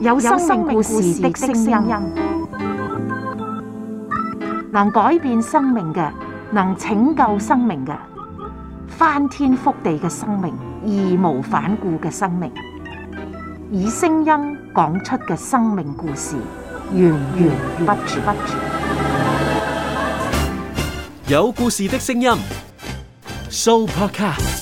有生命故事的聲音，能改變生命嘅，能拯救生命嘅，翻天覆地嘅生命，義無反顧嘅生命，以聲音講出嘅生命故事，源源不絕。有故事的聲音，Supercar。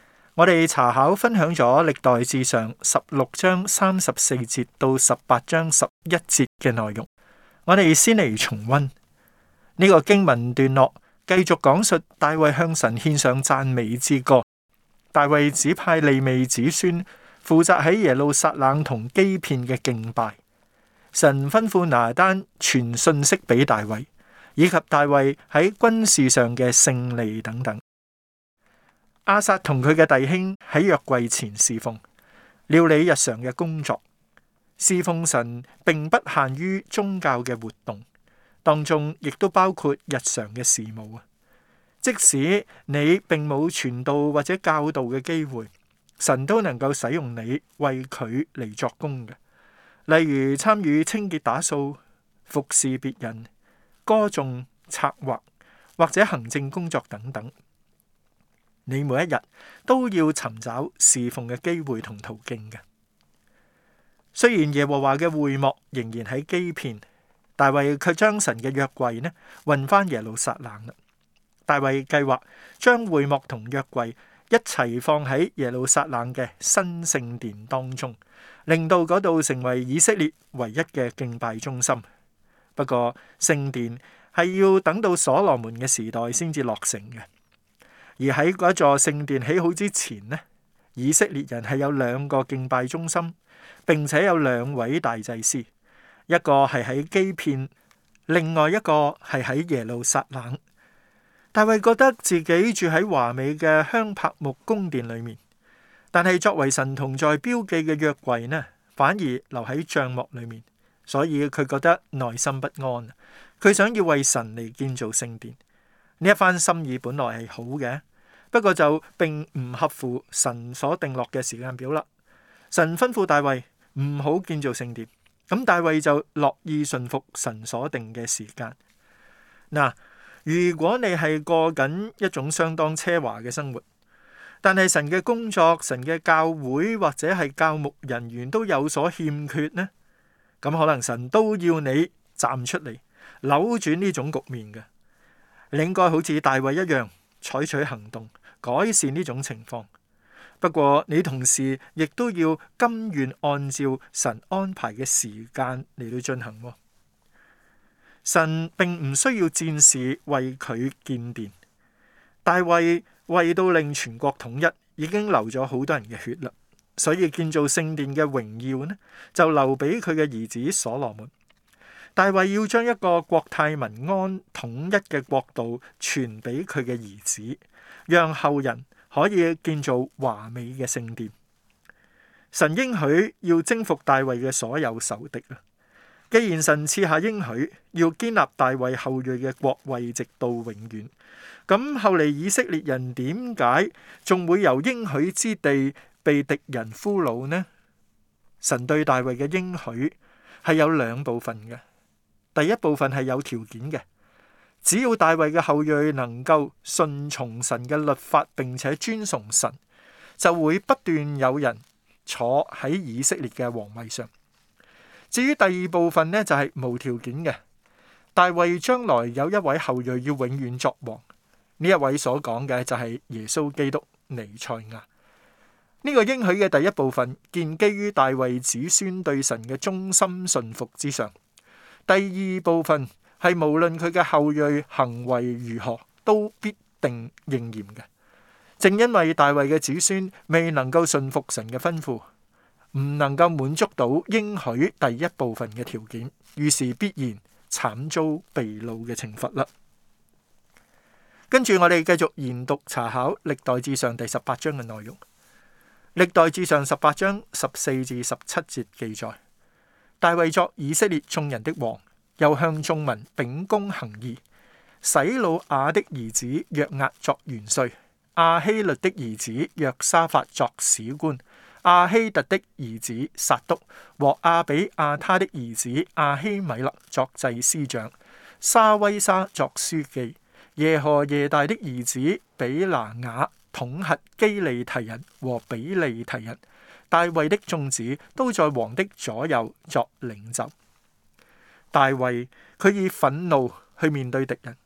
我哋查考分享咗歷代志上十六章三十四節到十八章十一節嘅內容，我哋先嚟重溫呢、這個經文段落，繼續講述大衛向神獻上讚美之歌。大衛指派利未子孫負責喺耶路撒冷同基遍嘅敬拜，神吩咐拿單傳信息俾大衛，以及大衛喺軍事上嘅勝利等等。阿薩同佢嘅弟兄喺約櫃前侍奉，料理日常嘅工作。侍奉神並不限於宗教嘅活動，當中亦都包括日常嘅事務啊。即使你並冇傳道或者教導嘅機會，神都能夠使用你為佢嚟作工嘅。例如參與清潔打掃、服侍別人、歌頌、策劃或者行政工作等等。你每一日都要尋找侍奉嘅機會同途徑嘅。雖然耶和華嘅會幕仍然喺基遍，大衛卻將神嘅約櫃呢運翻耶路撒冷。大衛計劃將會幕同約櫃一齊放喺耶路撒冷嘅新聖殿當中，令到嗰度成為以色列唯一嘅敬拜中心。不過聖殿係要等到所羅門嘅時代先至落成嘅。而喺嗰座聖殿起好之前呢，以色列人係有兩個敬拜中心，並且有兩位大祭司，一個係喺基片，另外一個係喺耶路撒冷。大衛覺得自己住喺華美嘅香柏木宮殿裏面，但係作為神同在標記嘅約櫃呢，反而留喺帳幕裏面，所以佢覺得內心不安。佢想要為神嚟建造聖殿，呢一番心意本來係好嘅。不過就並唔合乎神所定落嘅時間表啦。神吩咐大衛唔好建造聖殿，咁大衛就樂意順服神所定嘅時間。嗱，如果你係過緊一種相當奢華嘅生活，但係神嘅工作、神嘅教會或者係教牧人員都有所欠缺呢，咁可能神都要你站出嚟，扭轉呢種局面嘅。你應該好似大衛一樣採取行動。改善呢種情況，不過你同時亦都要甘願按照神安排嘅時間嚟到進行，哦。神並唔需要戰士為佢建殿，大衛為，為到令全國統一已經流咗好多人嘅血啦，所以建造聖殿嘅榮耀呢就留俾佢嘅兒子所羅門。大衛要將一個國泰民安、統一嘅國度傳俾佢嘅兒子，讓後人可以建造華美嘅聖殿。神應許要征服大衛嘅所有仇敵啦。既然神賜下應許，要建立大衛後裔嘅國位直到永遠，咁後嚟以色列人點解仲會由應許之地被敵人俘虜呢？神對大衛嘅應許係有兩部分嘅。第一部分係有條件嘅，只要大衛嘅後裔能夠順從神嘅律法，並且尊崇神，就會不斷有人坐喺以色列嘅皇位上。至於第二部分呢，就係、是、無條件嘅，大衛將來有一位後裔要永遠作王，呢一位所講嘅就係耶穌基督尼塞亞。呢、這個應許嘅第一部分建基於大衛子孫對神嘅忠心信服之上。第二部分係無論佢嘅後裔行為如何，都必定應驗嘅。正因為大衛嘅子孫未能夠順服神嘅吩咐，唔能夠滿足到應許第一部分嘅條件，於是必然慘遭被擄嘅懲罰啦。跟住我哋繼續研讀查考歷代志上第十八章嘅內容。歷代志上十八章十四至十七節記載。大衛作以色列眾人的王，又向眾民秉公行義。洗魯雅的兒子約押作元帥，亞希律的兒子約沙法作史官，亞希突的兒子撒督和亞比亞他的兒子亞希米勒作祭司長，沙威沙作書記，耶何耶大的兒子比拿雅統轄基利提人和比利提人。大衛的眾子都在王的左右作領袖。大衛佢以憤怒去面對敵人，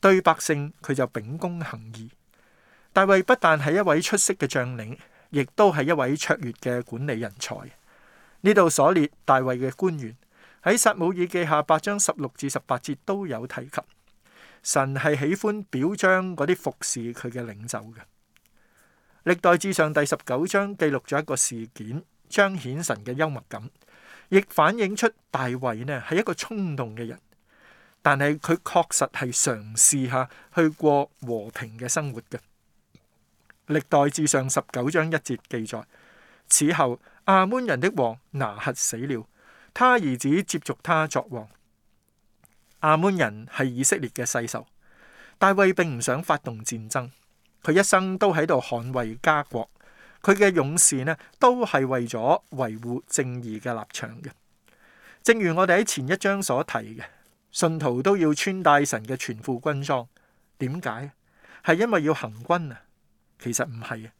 對百姓佢就秉公行義。大衛不但係一位出色嘅將領，亦都係一位卓越嘅管理人才。呢度所列大衛嘅官員喺撒母耳記下八章十六至十八節都有提及。神係喜歡表彰嗰啲服侍佢嘅領袖嘅。歷代志上第十九章記錄咗一個事件，彰顯神嘅幽默感，亦反映出大衛呢係一個衝動嘅人，但係佢確實係嘗試下去過和平嘅生活嘅。歷代志上十九章一節記載：此後亞捫人的王拿客死了，他兒子接續他作王。亞捫人係以色列嘅世仇。大衛並唔想發動戰爭。佢一生都喺度捍衞家國，佢嘅勇士呢，都係為咗維護正義嘅立場嘅。正如我哋喺前一章所提嘅，信徒都要穿戴神嘅全副軍裝。點解？係因為要行軍啊。其實唔係啊，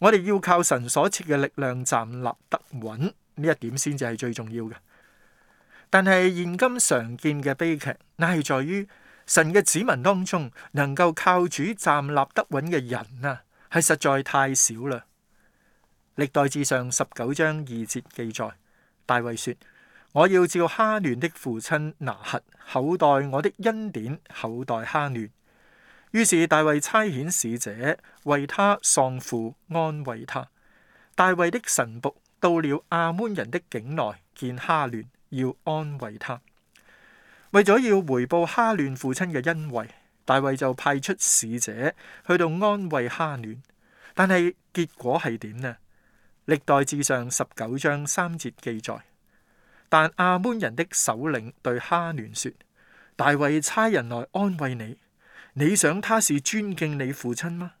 我哋要靠神所設嘅力量站立得穩，呢一點先至係最重要嘅。但係現今常見嘅悲劇，乃係在於，神嘅子民當中，能夠靠主站立得穩嘅人啊，係實在太少啦。歷代志上十九章二節記載，大衛說：我要照哈亂的父親拿鶴，厚待我的恩典，厚待哈亂。於是大衛差遣使者為他喪父安慰他。大衛的臣僕到了亞捫人的境內，見哈亂，要安慰他。為咗要回報哈亂父親嘅恩惠，大衛就派出使者去到安慰哈亂。但係結果係點呢？歷代志上十九章三節記載，但亞捫人的首領對哈亂說：大衛差人來安慰你，你想他是尊敬你父親嗎？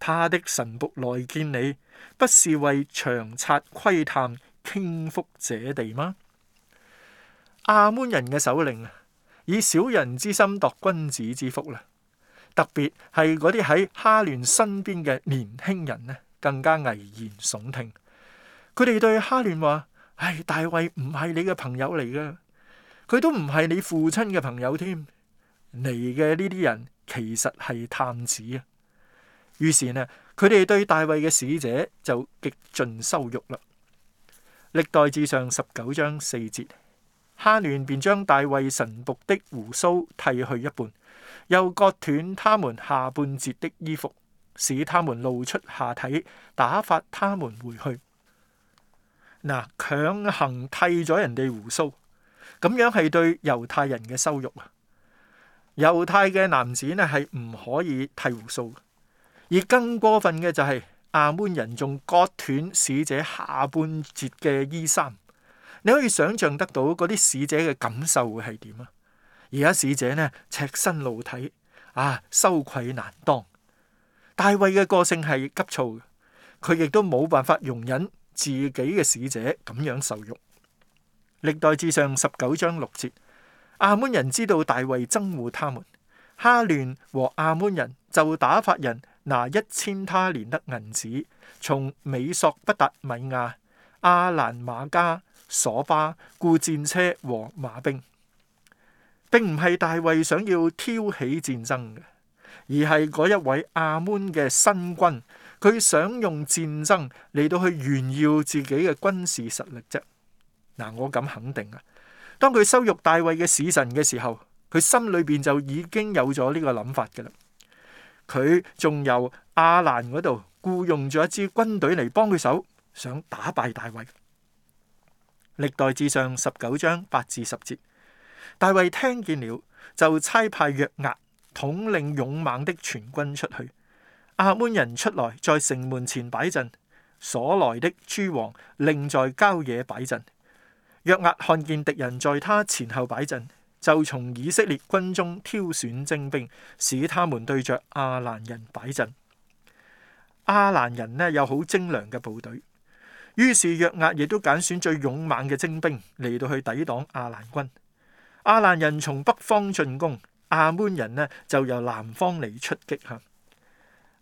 他的臣僕來見你，不是為長察窺探傾覆者地嗎？亞捫人嘅首領以小人之心度君子之腹啦，特別係嗰啲喺哈嫩身邊嘅年輕人咧，更加危言聳聽。佢哋對哈嫩話：唉、哎，大衛唔係你嘅朋友嚟㗎，佢都唔係你父親嘅朋友添。嚟嘅呢啲人其實係探子啊。於是呢，佢哋對大衛嘅使者就極盡羞辱啦。歷代志上十九章四節。他亂便將大衛臣僕的鬍鬚剃去一半，又割斷他們下半截的衣服，使他們露出下體，打發他們回去。嗱、呃，強行剃咗人哋鬍鬚，咁樣係對猶太人嘅羞辱啊！猶太嘅男子呢係唔可以剃鬍鬚，而更過分嘅就係亞捫人仲割斷使者下半截嘅衣衫。你可以想象得到嗰啲使者嘅感受會係點啊？而家使者呢，赤身露體，啊，羞愧難當。大衛嘅個性係急躁，佢亦都冇辦法容忍自己嘅使者咁樣受辱。歷代志上十九章六節，亞捫人知道大衛憎惡他們，哈嫩和亞捫人就打發人拿一千他連得銀子，從美索不達米亞亞蘭瑪迦、索巴僱戰車和馬兵，並唔係大衛想要挑起戰爭嘅，而係嗰一位亞捫嘅新君，佢想用戰爭嚟到去炫耀自己嘅軍事實力啫。嗱、啊，我敢肯定啊，當佢羞辱大衛嘅使臣嘅時候，佢心裏邊就已經有咗呢個諗法嘅啦。佢仲由亞蘭嗰度僱用咗一支軍隊嚟幫佢手，想打敗大衛。歷代志上十九章八至十節，大衛聽見了，就差派約押統領勇猛的全軍出去。亞捫人出來，在城門前擺陣；所來的諸王另在郊野擺陣。約押看見敵人在他前後擺陣，就從以色列軍中挑選精兵，使他們對着亞蘭人擺陣。亞蘭人呢有好精良嘅部隊。於是約押亦都揀選最勇猛嘅精兵嚟到去抵擋亞蘭軍。亞蘭人從北方進攻，亞捫人呢就由南方嚟出擊。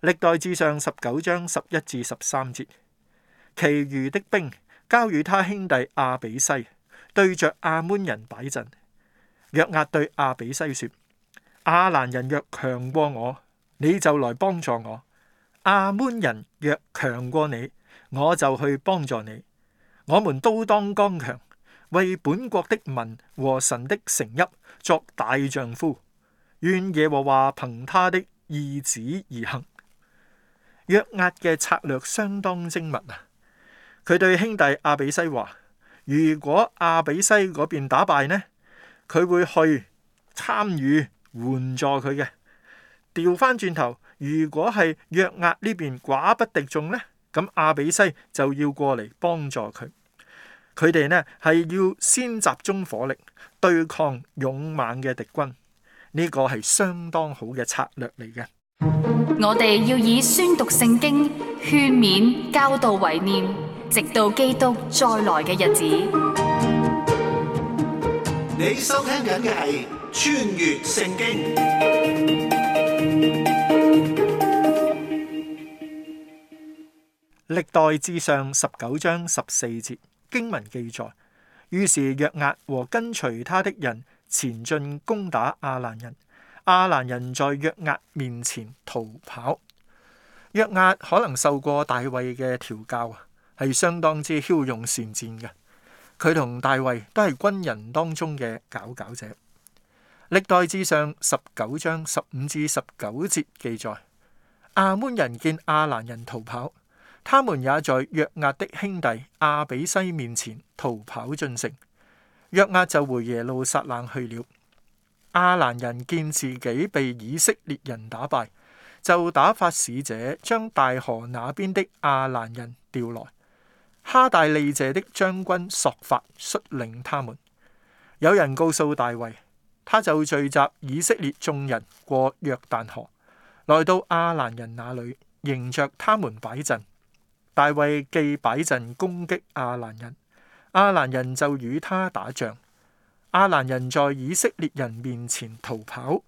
歷代志上十九章十一至十三節，其餘的兵交與他兄弟亞比篩，對着亞捫人擺陣。約押對亞比篩說：亞蘭人若強過我，你就來幫助我；亞捫人若強過你，我就去幫助你。我們都當剛強，為本國的民和神的城邑作大丈夫。願耶和華憑他的意旨而行。約押嘅策略相當精密啊！佢對兄弟阿比西話：如果阿比西嗰邊打敗呢，佢會去參與援助佢嘅。調翻轉頭，如果係約押呢邊寡不敵眾呢？咁阿比西就要過嚟幫助佢，佢哋呢係要先集中火力對抗勇猛嘅敵軍，呢個係相當好嘅策略嚟嘅。我哋要以宣讀聖經、勸勉、教導為念，直到基督再來嘅日子。你收聽緊嘅係《穿越聖經》。歷代志上十九章十四節經文記載，於是約押和跟隨他的人前進攻打亞蘭人。亞蘭人在約押面前逃跑。約押可能受過大衛嘅調教啊，係相當之驍勇善戰嘅。佢同大衛都係軍人當中嘅佼佼者。歷代志上十九章十五至十九節記載，亞門人見亞蘭人逃跑。他們也在約押的兄弟亞比西面前逃跑進城。約押就回耶路撒冷去了。亞蘭人見自己被以色列人打敗，就打發使者將大河那邊的亞蘭人調來。哈大利謝的將軍索法率領他們。有人告訴大衛，他就聚集以色列眾人過約旦河，來到亞蘭人那裏，迎着他們擺陣。大衛既擺陣攻擊亞蘭人，亞蘭人就與他打仗。亞蘭人在以色列人面前逃跑，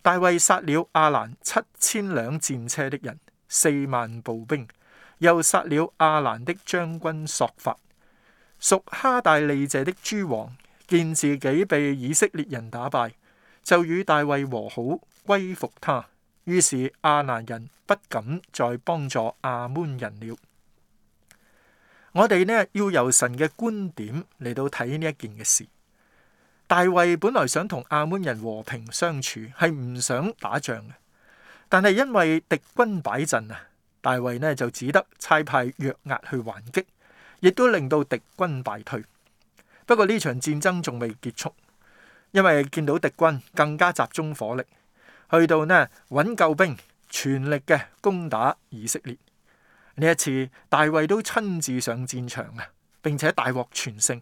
大衛殺了亞蘭七千輛戰車的人，四萬步兵，又殺了亞蘭的將軍朔法。屬哈大利謝的諸王見自己被以色列人打敗，就與大衛和好，歸服他。於是亞蘭人不敢再幫助亞捫人了。我哋咧要由神嘅觀點嚟到睇呢一件嘅事。大衛本來想同亞捫人和平相處，係唔想打仗嘅。但係因為敵軍擺陣啊，大衛呢就只得差派約押去還擊，亦都令到敵軍敗退。不過呢場戰爭仲未結束，因為見到敵軍更加集中火力，去到呢揾救兵，全力嘅攻打以色列。呢一次，大衛都親自上戰場啊，並且大獲全勝。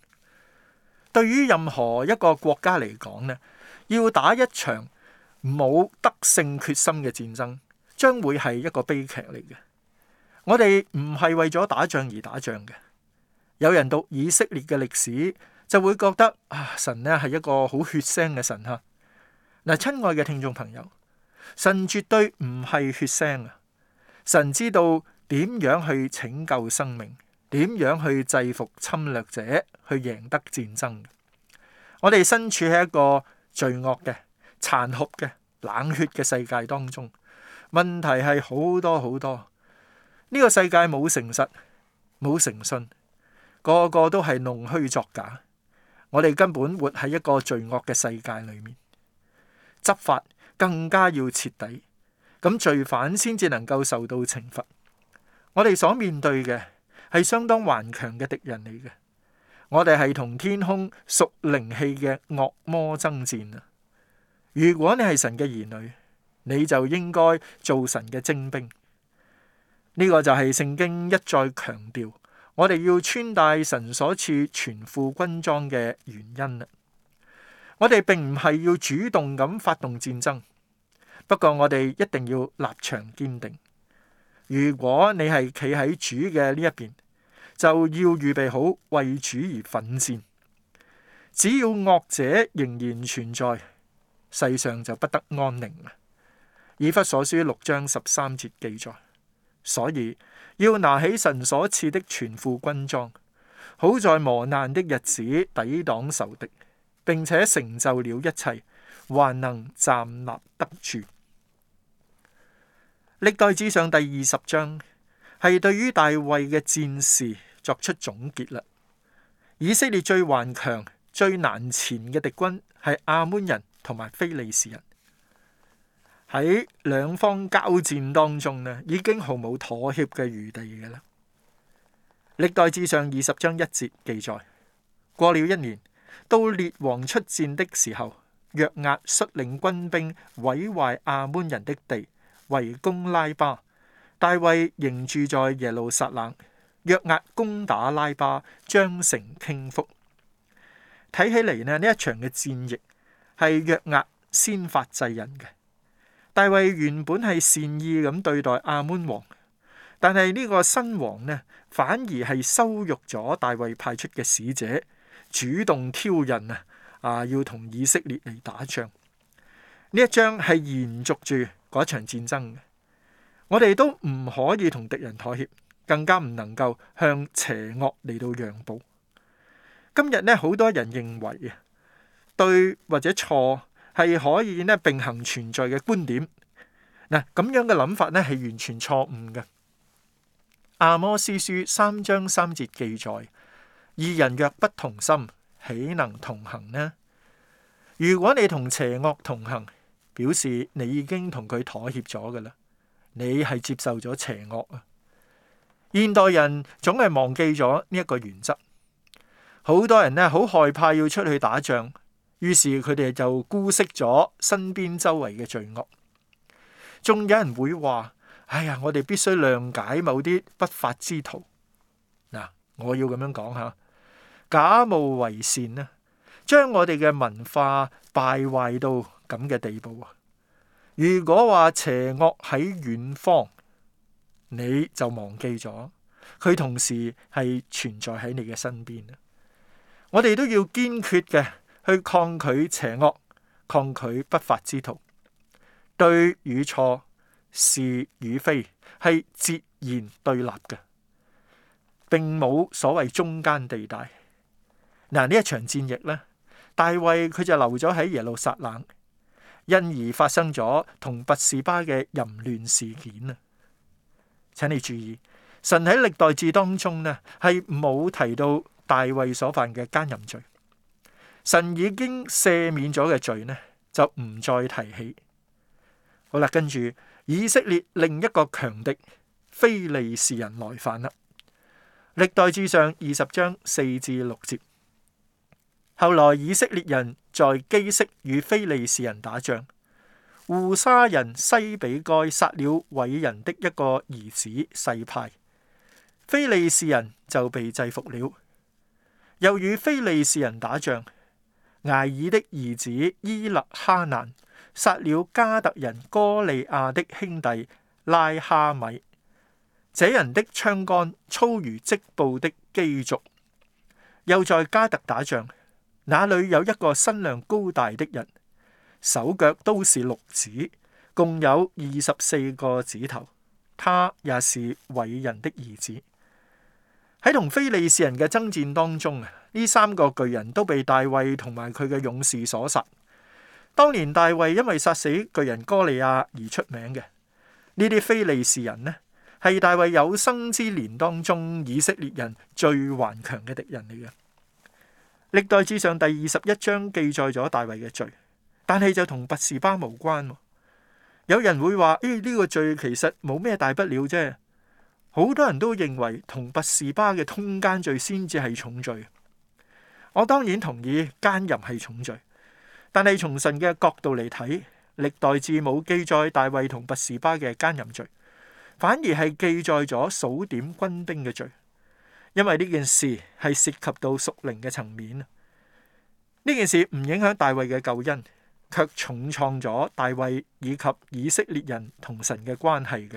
對於任何一個國家嚟講呢，要打一場冇得勝決心嘅戰爭，將會係一個悲劇嚟嘅。我哋唔係為咗打仗而打仗嘅。有人讀以色列嘅歷史，就會覺得啊，神咧係一個好血腥嘅神吓。嗱，親愛嘅聽眾朋友，神絕對唔係血腥啊！神知道。點樣去拯救生命？點樣去制服侵略者？去贏得戰爭？我哋身處喺一個罪惡嘅殘酷嘅冷血嘅世界當中，問題係好多好多。呢個世界冇誠實，冇誠信，個個都係弄虛作假。我哋根本活喺一個罪惡嘅世界裡面，執法更加要徹底，咁罪犯先至能夠受到懲罰。我哋所面對嘅係相當頑強嘅敵人嚟嘅，我哋係同天空屬靈氣嘅惡魔爭戰啊！如果你係神嘅兒女，你就應該做神嘅精兵。呢個就係聖經一再強調我哋要穿戴神所賜全副軍裝嘅原因啦。我哋並唔係要主動咁發動戰爭，不過我哋一定要立場堅定。如果你係企喺主嘅呢一邊，就要預備好為主而奮戰。只要惡者仍然存在，世上就不得安寧啊！以弗所書六章十三節記載，所以要拿起神所賜的全副軍裝，好在磨難的日子抵擋仇敵，並且成就了一切，還能站立得住。歷代志上第二十章，係對於大衛嘅戰事作出總結啦。以色列最頑強、最難纏嘅敵軍係亞捫人同埋非利士人。喺兩方交戰當中呢，已經毫無妥協嘅餘地嘅啦。歷代志上二十章一節記載：過了一年，到列王出戰的時候，約押率領軍兵毀壞亞捫人的地。圍攻拉巴，大衛仍住在耶路撒冷。約押攻打拉巴，將城傾覆。睇起嚟咧，呢一場嘅戰役係約押先發制人嘅。大衛原本係善意咁對待阿門王，但係呢個新王呢，反而係羞辱咗大衛派出嘅使者，主動挑人釁啊，啊要同以色列嚟打仗。呢一章係延續住，嗰一場戰爭嘅，我哋都唔可以同敵人妥協，更加唔能夠向邪惡嚟到讓步。今日呢，好多人認為啊，對或者錯係可以呢並行存在嘅觀點。嗱，咁樣嘅諗法呢，係完全錯誤嘅。阿摩司書三章三節記載：二人若不同心，豈能同行呢？如果你同邪惡同行，表示你已經同佢妥協咗噶啦，你係接受咗邪惡啊！現代人總係忘記咗呢一個原則，好多人呢，好害怕要出去打仗，於是佢哋就姑息咗身邊周圍嘅罪惡。仲有人會話：哎呀，我哋必須諒解某啲不法之徒。嗱，我要咁樣講吓，假冒為善啦，將我哋嘅文化敗壞到，咁嘅地步啊！如果話邪惡喺遠方，你就忘記咗佢，同時係存在喺你嘅身邊。我哋都要堅決嘅去抗拒邪惡，抗拒不法之徒。對與錯，是與非，係截然對立嘅，並冇所謂中間地帶。嗱，呢一場戰役呢，大衛佢就留咗喺耶路撒冷。因而發生咗同拔士巴嘅淫亂事件啊！請你注意，神喺歷代志當中呢係冇提到大衛所犯嘅奸淫罪，神已經赦免咗嘅罪呢就唔再提起。好啦，跟住以色列另一個強敵非利士人來犯啦。歷代志上二十章四至六節。後來以色列人在基色與非利士人打仗，戶沙人西比該殺了偉人的一個兒子細派，非利士人就被制服了。又與非利士人打仗，艾爾的兒子伊勒哈難殺了加特人哥利亞的兄弟拉哈米，這人的槍杆粗如織布的機軸。又在加特打仗。那裏有一個身量高大的人，手腳都是六指，共有二十四個指頭。他也是偉人的兒子。喺同非利士人嘅爭戰當中啊，呢三個巨人都被大衛同埋佢嘅勇士所殺。當年大衛因為殺死巨人哥利亞而出名嘅。呢啲非利士人呢，係大衛有生之年當中以色列人最頑強嘅敵人嚟嘅。歷代志上第二十一章記載咗大衛嘅罪，但係就同拔士巴無關。有人會話：，誒、哎，呢、這個罪其實冇咩大不了啫。好多人都認為同拔士巴嘅通奸罪先至係重罪。我當然同意奸淫係重罪，但係從神嘅角度嚟睇，歷代志冇記載大衛同拔士巴嘅奸淫罪，反而係記載咗數點軍兵嘅罪。因為呢件事係涉及到屬靈嘅層面。呢件事唔影響大衛嘅救恩，卻重創咗大衛以及以色列人同神嘅關係嘅。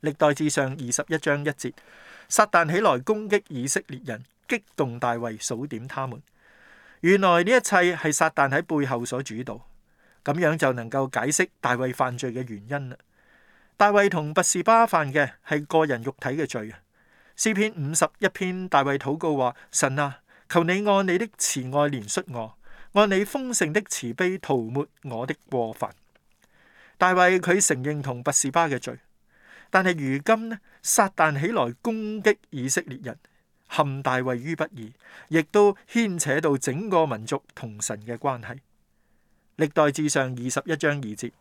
歷代志上二十一章一節，撒旦起來攻擊以色列人，激動大衛數點他們。原來呢一切係撒旦喺背後所主導，咁樣就能夠解釋大衛犯罪嘅原因啦。大衛同拔士巴犯嘅係個人肉體嘅罪啊。詩篇五十一篇，大衛禱告話：神啊，求你按你的慈愛憐恤我，按你豐盛的慈悲塗抹我的過犯。大衛佢承認同拔士巴嘅罪，但係如今撒旦起來攻擊以色列人，陷大衛於不義，亦都牽扯到整個民族同神嘅關係。歷代志上二十一章二節，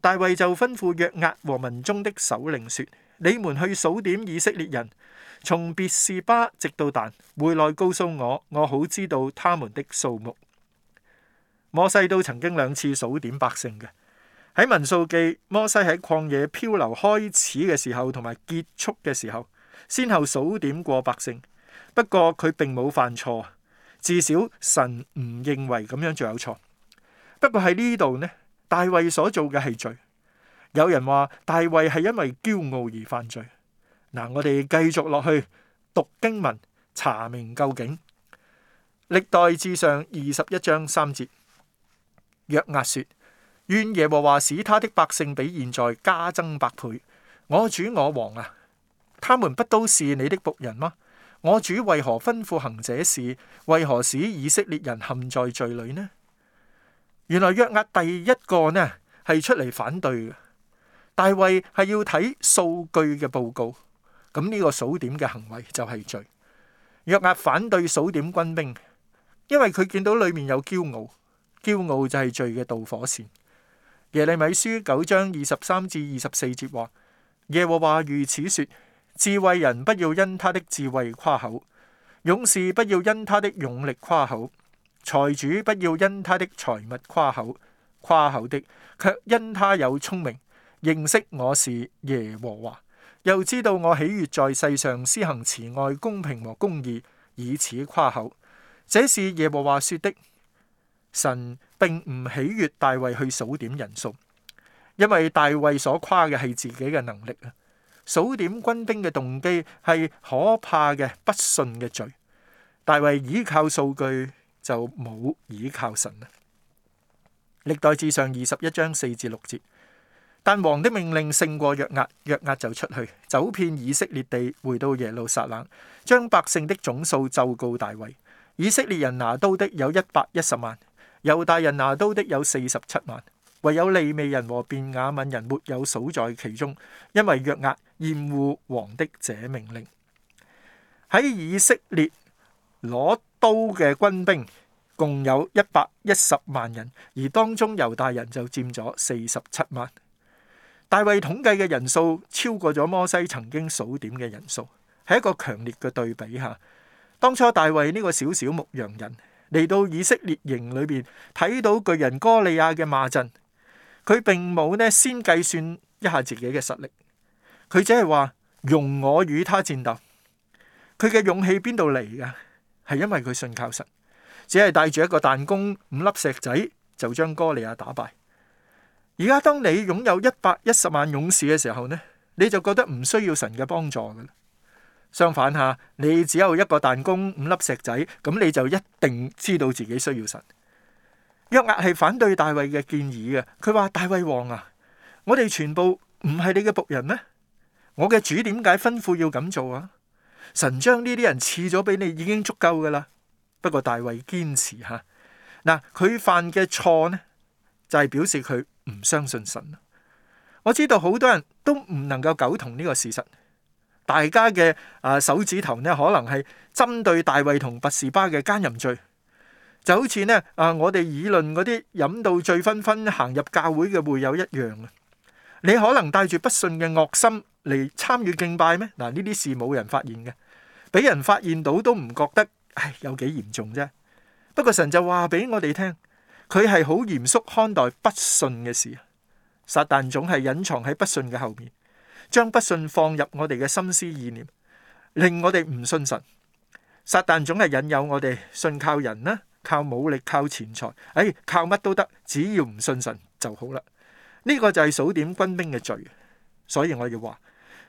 大衛就吩咐約押和民眾的首領說。你們去數點以色列人，從別是巴直到但，回來告訴我，我好知道他們的數目。摩西都曾經兩次數點百姓嘅，喺《民數記》，摩西喺曠野漂流開始嘅時候同埋結束嘅時候，先後數點過百姓。不過佢並冇犯錯，至少神唔認為咁樣仲有錯。不過喺呢度呢，大衛所做嘅係罪。有人話大衛係因為驕傲而犯罪。嗱，我哋繼續落去讀經文，查明究竟。歷代志上二十一章三節，約押說：願耶和華使他的百姓比現在加增百倍。我主我王啊，他們不都是你的僕人嗎？我主為何吩咐行這事？為何使以色列人陷在罪裏呢？原來約押第一個呢係出嚟反對嘅。大衛係要睇數據嘅報告，咁呢個數點嘅行為就係罪。約押反對數點軍兵，因為佢見到裡面有驕傲，驕傲就係罪嘅導火線。耶利米書九章二十三至二十四節話：耶和華如此說，智慧人不要因他的智慧誇口，勇士不要因他的勇力誇口，財主不要因他的財物誇口，誇口的卻因他有聰明。認識我是耶和華，又知道我喜悅在世上施行慈愛、公平和公義，以此誇口。這是耶和華說的。神並唔喜悅大衛去數點人數，因為大衛所誇嘅係自己嘅能力啊。數點軍兵嘅動機係可怕嘅不信嘅罪。大衛倚靠數據就冇倚靠神啊。歷代志上二十一章四至六節。但王的命令勝過約押，約押就出去走遍以色列地，回到耶路撒冷，將百姓的總數奏告大衛。以色列人拿刀的有一百一十萬，猶大人拿刀的有四十七萬，唯有利未人和便雅憫人沒有數在其中，因為約押厭惡王的這命令。喺以色列攞刀嘅軍兵共有一百一十萬人，而當中猶大人就佔咗四十七萬。大衛統計嘅人數超過咗摩西曾經數點嘅人數，係一個強烈嘅對比吓。當初大衛呢個小小牧羊人嚟到以色列營裏邊，睇到巨人哥利亞嘅罵陣，佢並冇呢先計算一下自己嘅實力，佢只係話容我與他戰鬥。佢嘅勇氣邊度嚟噶？係因為佢信靠神，只係帶住一個彈弓五粒石仔就將哥利亞打敗。而家當你擁有一百一十萬勇士嘅時候呢，你就覺得唔需要神嘅幫助噶啦。相反吓，你只有一個彈弓五粒石仔，咁你就一定知道自己需要神。約押係反對大衛嘅建議嘅，佢話：大衛王啊，我哋全部唔係你嘅僕人咩？我嘅主點解吩咐要咁做啊？神將呢啲人賜咗俾你已經足夠噶啦。不過大衛堅持吓，嗱、啊，佢犯嘅錯呢，就係、是、表示佢。唔相信神。我知道好多人都唔能夠苟同呢個事實。大家嘅啊、呃、手指頭咧，可能係針對大衛同拔士巴嘅奸淫罪，就好似咧啊，我哋議論嗰啲飲到醉醺醺行入教會嘅會友一樣啊！你可能帶住不信嘅惡心嚟參與敬拜咩？嗱、呃，呢啲事冇人發現嘅，俾人發現到都唔覺得唉有幾嚴重啫。不過神就話俾我哋聽。佢係好嚴肅看待不信嘅事，撒旦總係隱藏喺不信嘅後面，將不信放入我哋嘅心思意念，令我哋唔信神。撒旦總係引誘我哋信靠人啦，靠武力，靠錢財，誒、哎，靠乜都得，只要唔信神就好啦。呢、這個就係數點軍兵嘅罪，所以我哋話。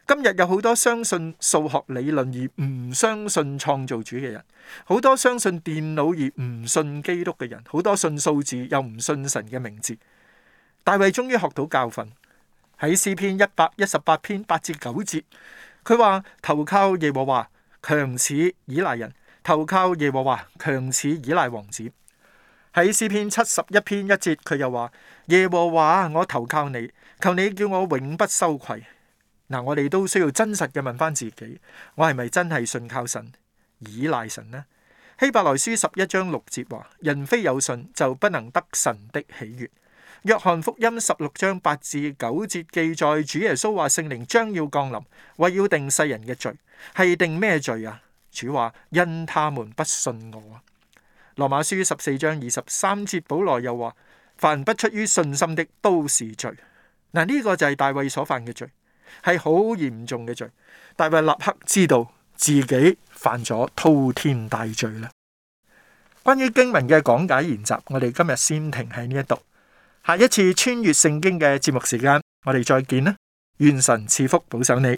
今日有好多相信數學理論而唔相信創造主嘅人，好多相信電腦而唔信基督嘅人，好多信數字又唔信神嘅名字。大衛終於學到教訓，喺詩篇一百一十八篇八至九節，佢話，投靠耶和華強似倚賴人，投靠耶和華強似倚賴王子。喺詩篇七十一篇一節，佢又話，耶和華，我投靠你，求你叫我永不羞愧。嗱，我哋都需要真實嘅問翻自己，我係咪真係信靠神、倚賴神呢？希伯來書十一章六節話：人非有信就不能得神的喜悅。約翰福音十六章八至九節記載，主耶穌話：聖靈將要降臨，為要定世人嘅罪，係定咩罪啊？主話：因他們不信我。羅馬書十四章二十三節，保羅又話：凡不出於信心的都是罪。嗱，呢個就係大衛所犯嘅罪。係好嚴重嘅罪，大衛立刻知道自己犯咗滔天大罪啦。關於經文嘅講解研習，我哋今日先停喺呢一度。下一次穿越聖經嘅節目時間，我哋再見啦。願神賜福，保守你。